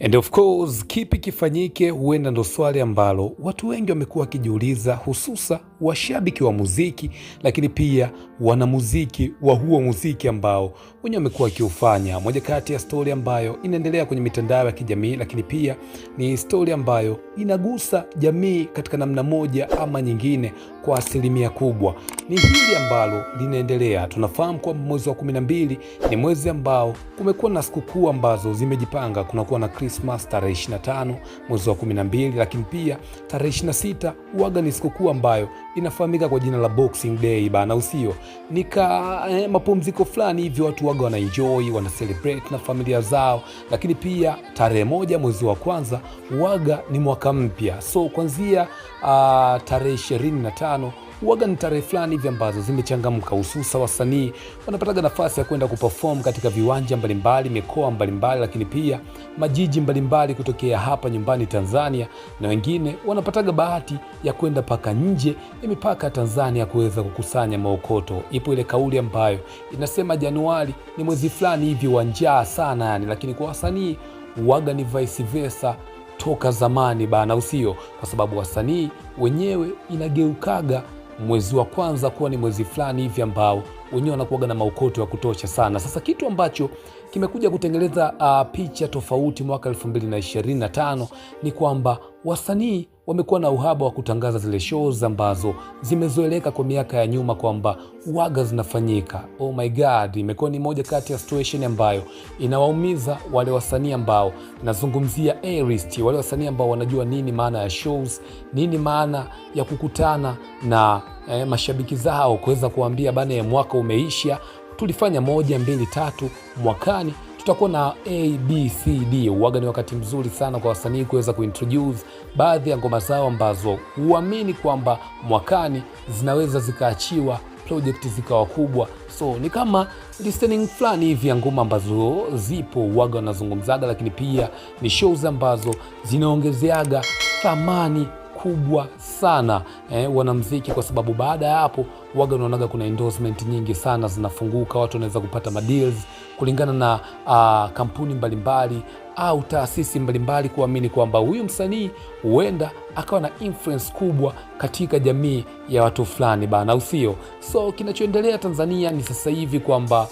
And of course, kipi kifanyike? Huenda ndo swali ambalo watu wengi wamekuwa wakijiuliza hususa washabiki wa muziki, lakini pia wanamuziki wa huo muziki ambao wenyewe wamekuwa wakiufanya. Moja kati ya stori ambayo inaendelea kwenye mitandao ya kijamii, lakini pia ni stori ambayo inagusa jamii katika namna moja ama nyingine kwa asilimia kubwa, ni hili ambalo linaendelea. Tunafahamu kwamba mwezi wa kumi na mbili ni mwezi ambao kumekuwa na sikukuu ambazo zimejipanga. Kunakuwa na Krismas tarehe tano mwezi wa mbili lakini pia tarehe sita waga ni sikukuu ambayo inafahamika kwa jina la Boxing Day bana, usio nika eh, mapumziko fulani hivyo, watu waga wanaenjoi wana celebrate na familia zao, lakini pia tarehe moja mwezi wa kwanza waga ni mwaka mpya, so kuanzia uh, tarehe ishirini na tano huaga ni tarehe fulani hivi ambazo zimechangamka, hususa wasanii wanapataga nafasi ya kwenda kuperform katika viwanja mbalimbali, mikoa mbalimbali, lakini pia majiji mbalimbali kutokea hapa nyumbani Tanzania, na wengine wanapataga bahati ya kwenda mpaka nje ya mipaka ya Tanzania kuweza kukusanya maokoto. Ipo ile kauli ambayo inasema Januari ni mwezi fulani hivi wa njaa sana yani, lakini kwa wasanii huaga ni vice versa toka zamani bana, usio kwa sababu wasanii wenyewe inageukaga mwezi wa kwanza kuwa ni mwezi fulani hivi ambao wenyewe wanakuwaga na maukoto ya kutosha sana. Sasa kitu ambacho kimekuja kutengeleza uh, ah, picha tofauti mwaka 2025 ni kwamba wasanii wamekuwa na uhaba wa kutangaza zile shows ambazo zimezoeleka kwa miaka ya nyuma kwamba waga zinafanyika. Oh my god, imekuwa ni moja kati ya situation ambayo inawaumiza wale wasanii ambao nazungumzia artists, wale wasanii ambao wanajua nini maana ya shows, nini maana ya kukutana na eh, mashabiki zao kuweza kuambia bana, mwaka umeisha tulifanya moja mbili tatu mwakani tutakuwa na abcd uwaga. Ni wakati mzuri sana kwa wasanii kuweza kuintroduce baadhi ya ngoma zao ambazo huamini kwamba mwakani zinaweza zikaachiwa projekti zikawa kubwa, so ni kama listening fulani hivi ya ngoma ambazo zipo uwaga wanazungumzaga, lakini pia ni shows ambazo zinaongezeaga thamani kubwa sana eh, wanamziki, kwa sababu baada ya hapo waga unaonaga kuna endorsement nyingi sana zinafunguka, watu wanaweza kupata madeals kulingana na uh, kampuni mbalimbali au taasisi mbalimbali kuamini kwamba huyu msanii huenda akawa na influence kubwa katika jamii ya watu fulani bana, usio So kinachoendelea Tanzania ni sasa hivi kwamba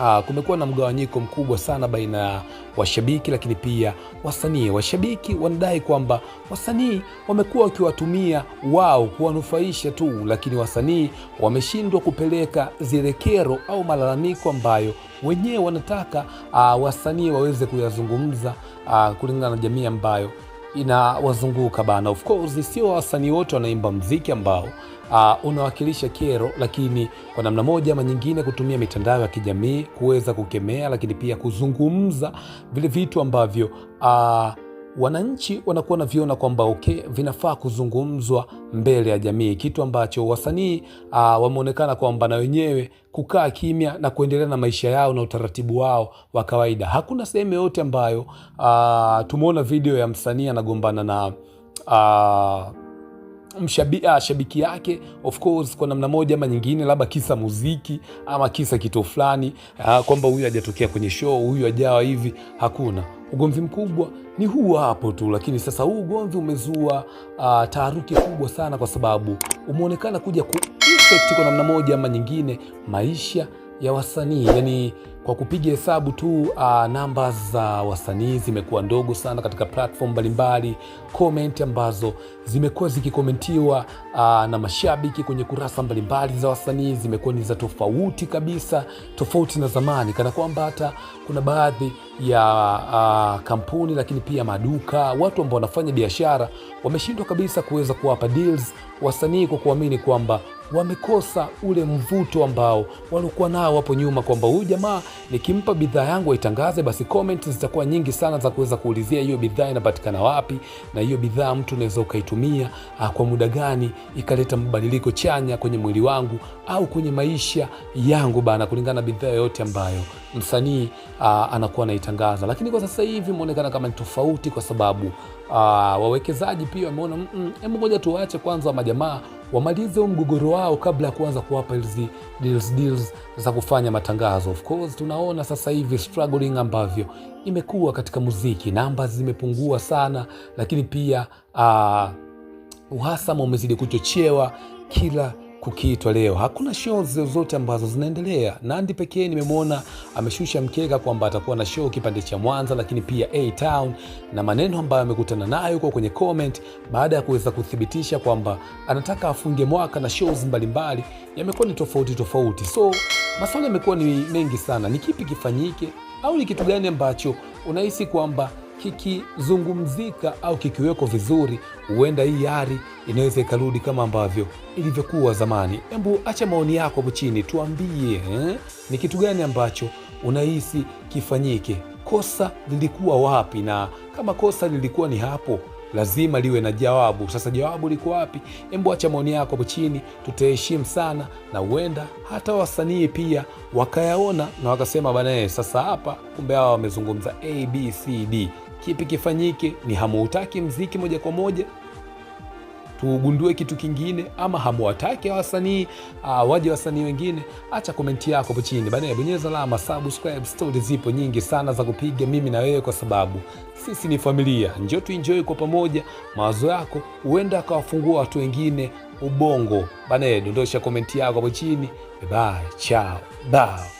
Uh, kumekuwa na mgawanyiko mkubwa sana baina ya washabiki lakini pia wasanii. Washabiki wanadai kwamba wasanii wamekuwa wakiwatumia wao kuwanufaisha tu, lakini wasanii wameshindwa kupeleka zile kero au malalamiko ambayo wenyewe wanataka uh, wasanii waweze kuyazungumza uh, kulingana na jamii ambayo inawazunguka bana. Of course sio wasanii wote wanaimba mziki ambao uh, unawakilisha kero, lakini kwa namna moja ama nyingine kutumia mitandao ya kijamii kuweza kukemea, lakini pia kuzungumza vile vitu ambavyo uh, wananchi wanakuwa naviona kwamba okay, vinafaa kuzungumzwa mbele ya jamii, kitu ambacho wasanii uh, wameonekana kwamba na wenyewe kukaa kimya na kuendelea na maisha yao na utaratibu wao wa kawaida. Hakuna sehemu yoyote ambayo uh, tumeona video ya msanii anagombana na uh, ah, mshabia shabiki yake of course, kwa namna moja ama nyingine, labda kisa muziki ama kisa kitu fulani, kwamba huyu hajatokea kwenye show, huyu hajawa hivi. Hakuna. Ugomvi mkubwa ni huu hapo tu, lakini sasa huu ugomvi umezua uh, taharuki kubwa sana, kwa sababu umeonekana kuja ku kwa namna moja ama nyingine maisha ya wasanii yani, kwa kupiga hesabu tu uh, namba za uh, wasanii zimekuwa ndogo sana katika platform mbalimbali. komenti ambazo zimekuwa zikikomentiwa uh, na mashabiki kwenye kurasa mbalimbali za wasanii zimekuwa ni za tofauti kabisa, tofauti na zamani, kana kwamba hata kuna baadhi ya uh, kampuni lakini pia maduka, watu ambao wanafanya biashara wameshindwa kabisa kuweza kuwapa deals wasanii kwa kuamini kwamba wamekosa ule mvuto ambao walikuwa nao hapo nyuma, kwamba huyu jamaa nikimpa bidhaa yangu aitangaze, basi comment zitakuwa nyingi sana za kuweza kuulizia hiyo bidhaa inapatikana wapi, na hiyo bidhaa mtu unaweza ukaitumia ah, kwa muda gani ikaleta mabadiliko chanya kwenye mwili wangu au kwenye maisha yangu bana, kulingana na bidhaa yoyote ambayo msanii uh, anakuwa anaitangaza, lakini kwa sasa hivi imeonekana kama ni tofauti, kwa sababu uh, wawekezaji pia wameona mm, mm, hebu moja tuwache kwanza majamaa wamalize huu mgogoro wao kabla ya kuanza kuwapa hizi deals, deals za kufanya matangazo. Of course tunaona sasa hivi struggling ambavyo imekuwa katika muziki, namba zimepungua sana, lakini pia uh, uhasama umezidi kuchochewa kila kukiitwa leo. Hakuna show zozote ambazo zinaendelea. Nandi pekee nimemwona ameshusha mkeka kwamba atakuwa na show kipande cha Mwanza, lakini pia A Town, na maneno ambayo amekutana nayo kwa kwenye comment baada ya kuweza kuthibitisha kwamba anataka afunge mwaka na shows mbalimbali yamekuwa ni tofauti tofauti. So maswali yamekuwa ni mengi sana, ni kipi kifanyike au ni kitu gani ambacho unahisi kwamba kikizungumzika au kikiwekwa vizuri, huenda hii yari inaweza ikarudi kama ambavyo ilivyokuwa zamani. Hebu acha maoni yako hapo chini, tuambie eh? Ni kitu gani ambacho unahisi kifanyike? Kosa lilikuwa wapi? Na kama kosa lilikuwa ni hapo, lazima liwe na jawabu. Sasa jawabu liko wapi? Hebu acha maoni yako hapo chini, tutaheshimu sana, na huenda hata wasanii pia wakayaona na wakasema banaye, eh, sasa hapa kumbe hawa wamezungumza abcd kipi kifanyike? Ni hamuutaki mziki moja kwa moja tuugundue kitu kingine, ama hamuwatake wasanii uh, waje wasanii wengine? Acha komenti yako hapo chini baadaye, bonyeza alama subscribe. Stori zipo nyingi sana za kupiga mimi na wewe, kwa sababu sisi ni familia. Njoo tuinjoi kwa pamoja, mawazo yako huenda akawafungua watu wengine ubongo. Baadaye dondosha komenti yako hapo chini. Bye, chao bao.